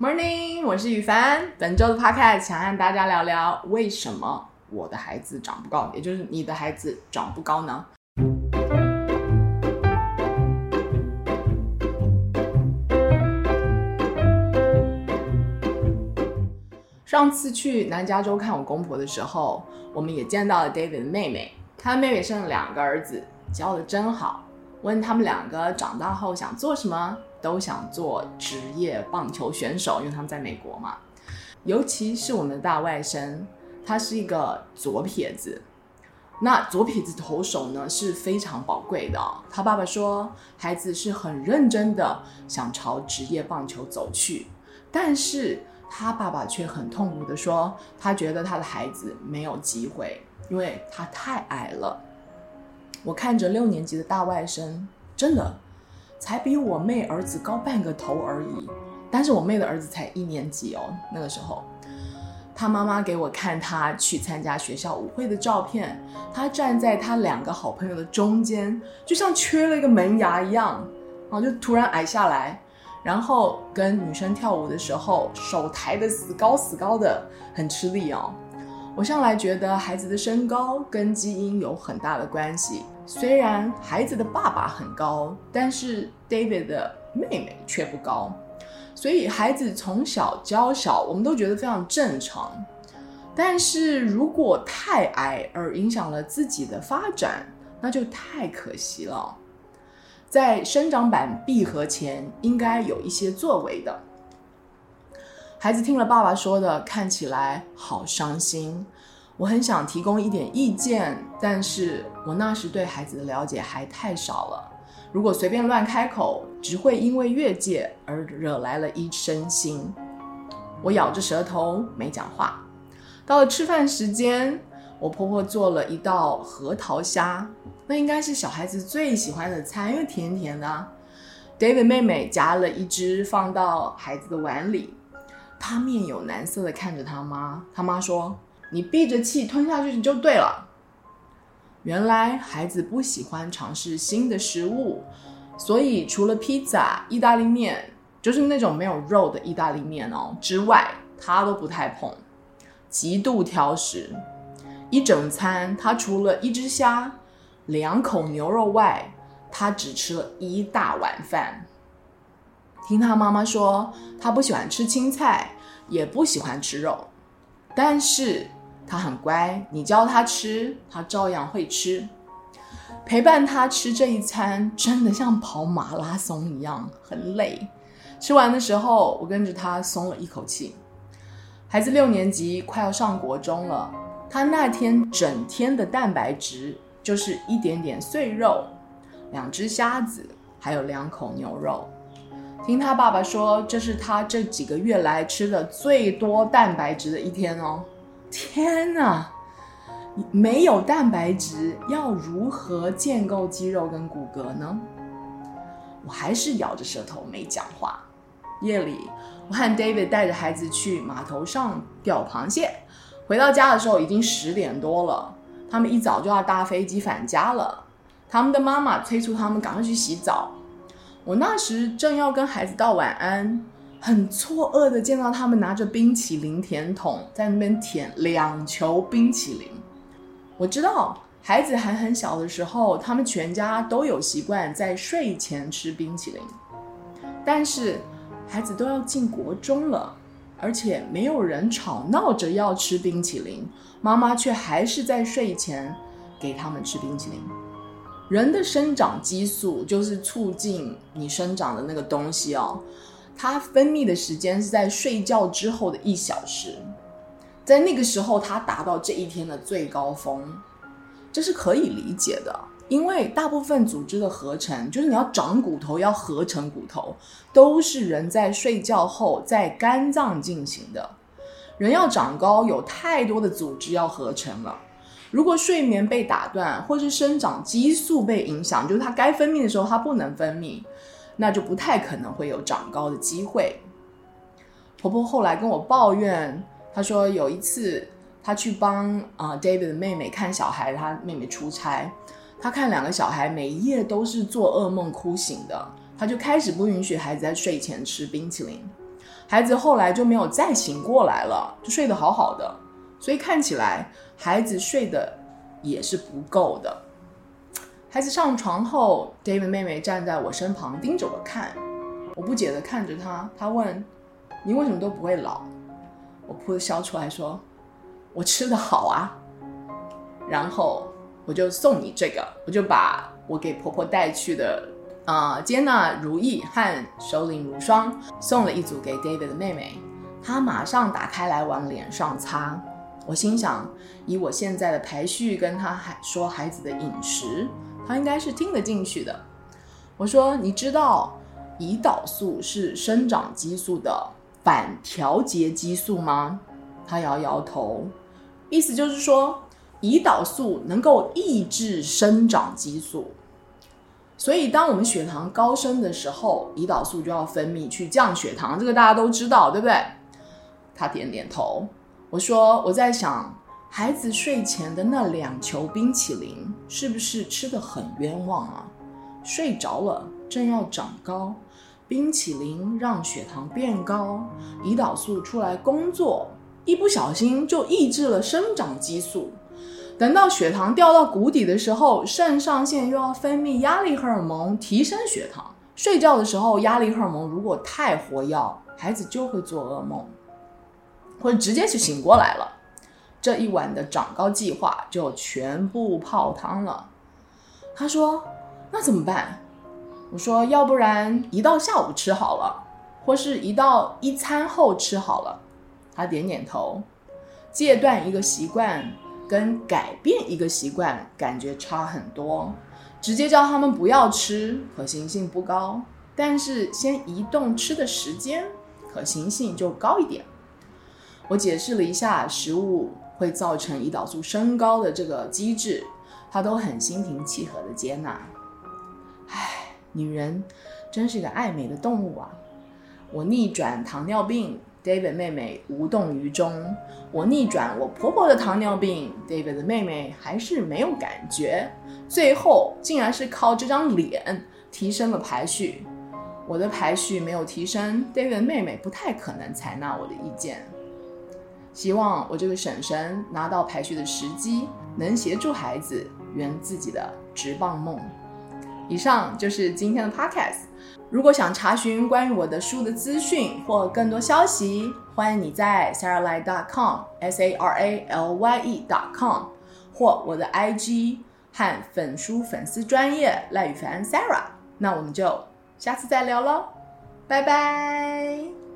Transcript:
Morning，我是宇凡。本週的 podcast 想和大家聊聊，為什麼我的孩子長不高，也就是你的孩子長不高呢？上次去南加州看我公婆的時候，我們也見到了 David 的妹妹。她妹妹生了兩個兒子，教得真好。問他們兩個長大後想做什麼？都想做職業棒球選手，因為他們在美國嘛。尤其是我們的大外甥，他是一個左撇子。那左撇子投手呢，是非常寶貴的。他爸爸說，孩子是很認真的想朝職業棒球走去，但是他爸爸卻很痛苦地說，他覺得他的孩子沒有機會，因為他太矮了。我看着六年級的大外甥，真的。才比我妹兒子高半個頭而已，但是我妹的兒子才一年級哦。那個時候，他媽媽給我看他去參加學校舞會的照片，他站在他兩個好朋友的中間，就像缺了一個門牙一樣，啊，就突然矮下來。然後跟女生跳舞的時候，手抬得死高死高的，很吃力哦。我向來覺得孩子的身高跟基因有很大的關係。雖然孩子的爸爸很高，但是 David 的妹妹卻不高，所以孩子從小嬌小，我們都覺得非常正常。但是如果太矮而影響了自己的發展，那就太可惜了。在生長板閉合前，應該有一些作為的。孩子聽了爸爸說的，看起來好傷心。我很想提供一點意見，但是我那時對孩子的了解還太少了。如果隨便亂開口，只會因為越界而惹來了一身腥。我咬着舌頭沒講話。到了吃飯時間，我婆婆做了一道核桃蝦，那應該是小孩子最喜歡的餐，又甜甜的啊。David 妹妹夾了一隻放到孩子的碗裡，她面有難色的看着他媽。他媽說。你閉着氣吞下去，你就對了。原來孩子不喜歡嘗試新的食物，所以除了披薩、意大利麵，就是那種沒有肉的意大利麵哦之外，他都不太碰，極度挑食。一整餐他除了一隻蝦、兩口牛肉外，他只吃了一大碗飯。聽他媽媽說，他不喜歡吃青菜，也不喜歡吃肉，但是。他很乖，你教他吃，他照樣會吃。陪伴他吃這一餐，真的像跑馬拉松一樣，很累。吃完的時候，我跟着他鬆了一口氣。孩子六年級快要上國中了，他那天整天的蛋白質就是一點點碎肉、兩隻蝦子，還有兩口牛肉。聽他爸爸說，這是他這幾個月來吃的最多蛋白質的一天哦。天哪，沒有蛋白質，要如何建構肌肉跟骨骼呢？我還是咬着舌頭沒講話。夜裡，我和 David 帶着孩子去碼頭上釣螃蟹。回到家的時候已經十點多了，他們一早就要搭飛機返家了。他們的媽媽催促他們趕快去洗澡。我那時正要跟孩子道晚安。很錯愕地見到他們拿着冰淇淋甜筒在那邊舔兩球冰淇淋。我知道孩子還很小的時候，他們全家都有習慣在睡前吃冰淇淋。但是孩子都要進國中了，而且沒有人吵鬧着要吃冰淇淋，媽媽卻還是在睡前給他們吃冰淇淋。人的生長激素就是促進你生長的那個東西哦。它分泌的時間是在睡覺之後的一小時，在那個時候它達到這一天的最高峰，這是可以理解的。因為大部分組織的合成，就是你要長骨頭，要合成骨頭，都是人在睡覺後在肝臟進行的。人要長高，有太多的組織要合成了。如果睡眠被打斷，或是生長激素被影響，就是它該分泌的時候它不能分泌。那就不太可能會有長高的機會。婆婆後來跟我抱怨，她說有一次她去幫啊 David 的妹妹看小孩，她妹妹出差，她看兩個小孩每一夜都是做噩夢哭醒的，她就開始不允許孩子在睡前吃冰淇淋，孩子後來就沒有再醒過來了，就睡得好好的，所以看起來孩子睡得也是不夠的。孩子上床後，David 妹妹站在我身旁，盯着我看。我不解地看着她，她問：“你為什麼都不會老？”我噗笑出來說：“我吃得好啊。”然後我就送你這個，我就把我給婆婆帶去的，啊、呃，接納如意和首領如霜送了一組給 David 的妹妹。她馬上打開來往臉上擦。我心想，以我現在的排序，跟她說孩子的飲食。他應該是聽得進去的。我說：“你知道胰島素是生長激素的反調節激素嗎？”他搖搖頭。意思就是說，胰島素能夠抑制生長激素。所以，當我們血糖高升的時候，胰島素就要分泌去降血糖。這個大家都知道，對不對？他點點頭。我說：“我在想，孩子睡前的那兩球冰淇淋。”是不是吃得很冤枉啊？睡着了正要長高，冰淇淋讓血糖變高，胰島素出來工作，一不小心就抑制了生長激素。等到血糖掉到谷底的時候，腎上腺又要分泌壓力荷爾蒙提升血糖。睡覺的時候，壓力荷爾蒙如果太活躍，孩子就會做噩夢，或者直接就醒過來了。這一晚的長高計劃就全部泡湯了。他說：“那怎麼辦？”我說：“要不然一到下午吃好了，或是一到一餐後吃好了。”他點點頭。戒斷一個習慣跟改變一個習慣感覺差很多，直接叫他們不要吃，可行性不高，但是先移動吃的時間，可行性就高一點。我解釋了一下食物。會造成胰島素升高的這個機制，她都很心平氣和地接納。唉，女人真是個愛美的動物啊！我逆轉糖尿病，David 妹妹無動於衷；我逆轉我婆婆的糖尿病，David 的妹妹還是沒有感覺。最後竟然是靠這張臉提升了排序。我的排序沒有提升，David 妹妹不太可能採納我的意見。希望我這個嬸嬸拿到排序的時機，能協助孩子圓自己的職棒夢。以上就是今天的 podcast。如果想查詢關於我的書的資訊或更多消息，歡迎你在 saralye.com，S-A-R-A-L-Y-E.com 或我的 IG 和粉書粉絲專業賴宇凡 Sara。那我們就下次再聊嘍，拜拜。